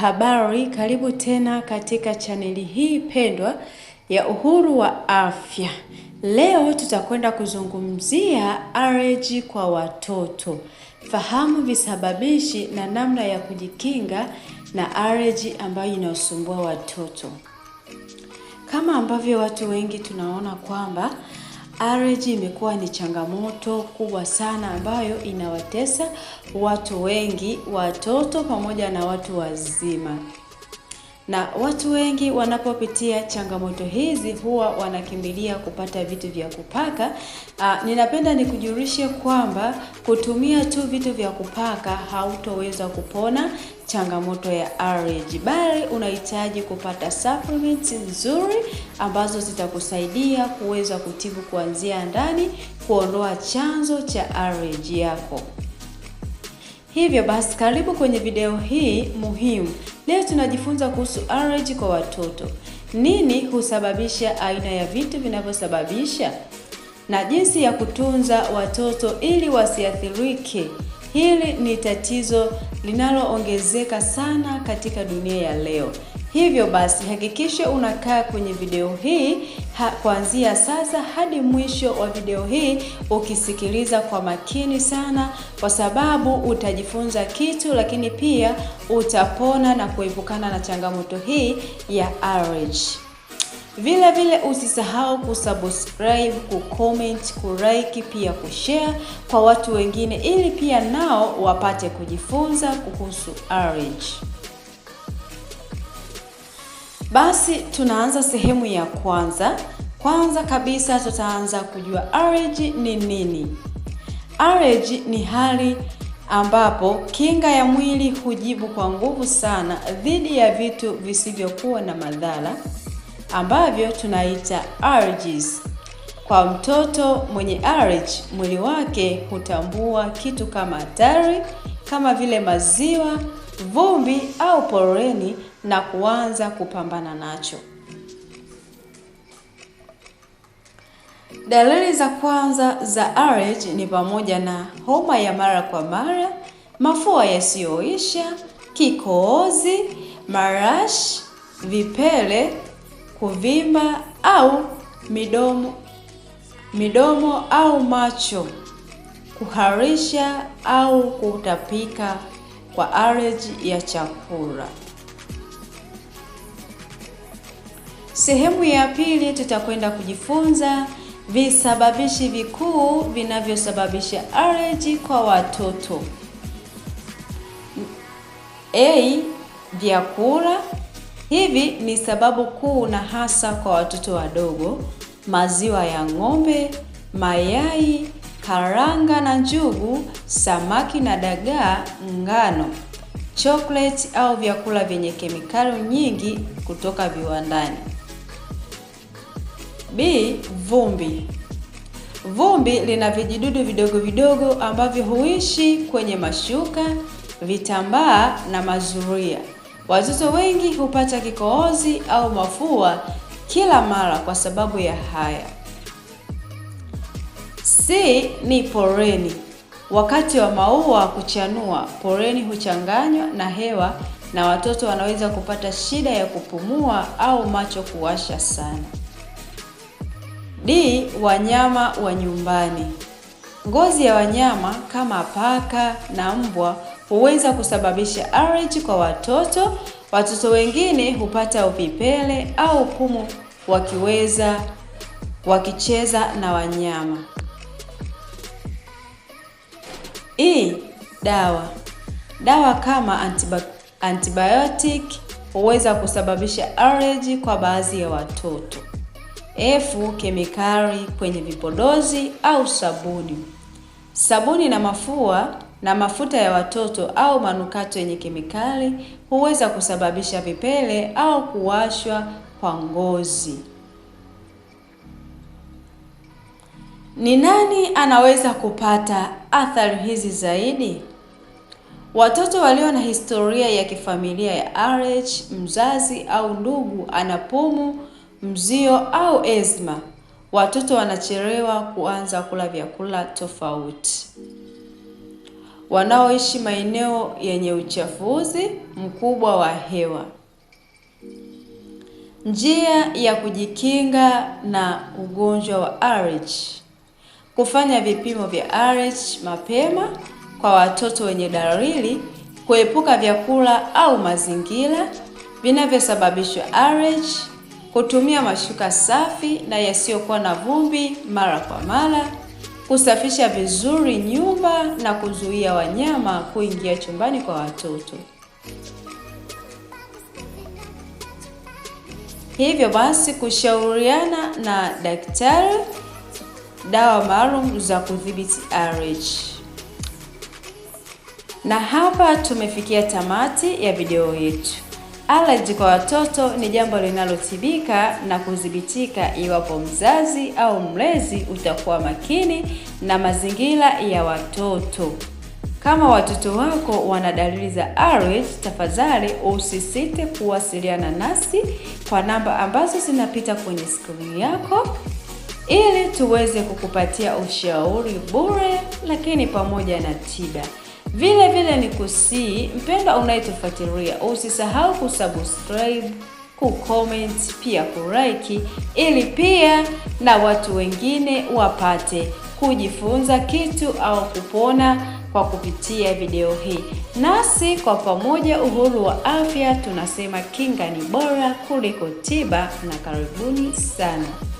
Habari, karibu tena katika chaneli hii pendwa ya Uhuru wa Afya. Leo tutakwenda kuzungumzia allergy kwa watoto. Fahamu visababishi na namna ya kujikinga na allergy ambayo inasumbua watoto. Kama ambavyo watu wengi tunaona kwamba Allergy imekuwa ni changamoto kubwa sana ambayo inawatesa watu wengi, watoto pamoja na watu wazima na watu wengi wanapopitia changamoto hizi huwa wanakimbilia kupata vitu vya kupaka. Aa, ah, ninapenda nikujulishe kwamba kutumia tu vitu vya kupaka hautoweza kupona changamoto ya allergy, bali unahitaji kupata supplements nzuri ambazo zitakusaidia kuweza kutibu kuanzia ndani, kuondoa chanzo cha allergy yako. Hivyo basi karibu kwenye video hii muhimu. Leo tunajifunza kuhusu allergy kwa watoto. Nini husababisha, aina ya vitu vinavyosababisha na jinsi ya kutunza watoto ili wasiathirike. Hili ni tatizo linaloongezeka sana katika dunia ya leo. Hivyo basi hakikisha unakaa kwenye video hii ha, kuanzia sasa hadi mwisho wa video hii ukisikiliza kwa makini sana, kwa sababu utajifunza kitu, lakini pia utapona na kuepukana na changamoto hii ya allergy. Vile vile usisahau kusubscribe, kucomment, kulike pia kushare kwa watu wengine ili pia nao wapate kujifunza kuhusu allergy. Basi tunaanza sehemu ya kwanza. Kwanza kabisa tutaanza kujua allergy ni nini. Allergy ni hali ambapo kinga ya mwili hujibu kwa nguvu sana dhidi ya vitu visivyokuwa na madhara ambavyo tunaita allergies. Kwa mtoto mwenye allergy, mwili wake hutambua kitu kama hatari kama vile maziwa, vumbi au poleni na kuanza kupambana nacho. Dalili za kwanza za RH ni pamoja na homa ya mara kwa mara, mafua yasiyoisha, kikohozi, marashi, vipele, kuvimba au midomo midomo au macho, kuharisha au kutapika kwa allergy ya chakula. Sehemu ya pili tutakwenda kujifunza visababishi vikuu vinavyosababisha allergy kwa watoto. A, vyakula. Hivi ni sababu kuu na hasa kwa watoto wadogo. Maziwa ya ng'ombe, mayai, karanga na njugu, samaki na dagaa, ngano, chocolate au vyakula vyenye kemikali nyingi kutoka viwandani. B. Vumbi. Vumbi lina vijidudu vidogo vidogo ambavyo huishi kwenye mashuka, vitambaa na mazuria. Watoto wengi hupata kikohozi au mafua kila mara kwa sababu ya haya. C. Ni poleni. Wakati wa maua kuchanua, poleni huchanganywa na hewa na watoto wanaweza kupata shida ya kupumua au macho kuwasha sana. D. Wanyama wa nyumbani. Ngozi ya wanyama kama paka na mbwa huweza kusababisha allergy kwa watoto. Watoto wengine hupata upipele au pumu wakiweza wakicheza na wanyama. E. Dawa. Dawa kama antibiotic huweza kusababisha allergy kwa baadhi ya watoto efu kemikali kwenye vipodozi au sabuni. Sabuni na mafua na mafuta ya watoto au manukato yenye kemikali huweza kusababisha vipele au kuwashwa kwa ngozi. Ni nani anaweza kupata athari hizi zaidi? Watoto walio na historia ya kifamilia ya RH, mzazi au ndugu ana pumu mzio au ezma, watoto wanachelewa kuanza kula vyakula tofauti. Wanaoishi maeneo yenye uchafuzi mkubwa wa hewa. Njia ya kujikinga na ugonjwa wa RH: kufanya vipimo vya RH mapema kwa watoto wenye dalili, kuepuka vyakula au mazingira vinavyosababisha RH kutumia mashuka safi na yasiyokuwa na vumbi mara kwa mara, kusafisha vizuri nyumba na kuzuia wanyama kuingia chumbani kwa watoto. Hivyo basi kushauriana na daktari dawa maalum za kudhibiti RH. Na hapa tumefikia tamati ya video yetu. Allergy kwa watoto ni jambo linalotibika na kudhibitika iwapo mzazi au mlezi utakuwa makini na mazingira ya watoto. Kama watoto wako wana dalili za allergy, tafadhali usisite kuwasiliana nasi kwa namba ambazo zinapita kwenye skrini yako ili tuweze kukupatia ushauri bure, lakini pamoja na tiba. Vile vile ni kusii mpendwa unayetufuatilia, usisahau kusubscribe, kucomment, pia kuraiki, ili pia na watu wengine wapate kujifunza kitu au kupona kwa kupitia video hii. Nasi kwa pamoja, Uhuru wa Afya, tunasema kinga ni bora kuliko tiba, na karibuni sana.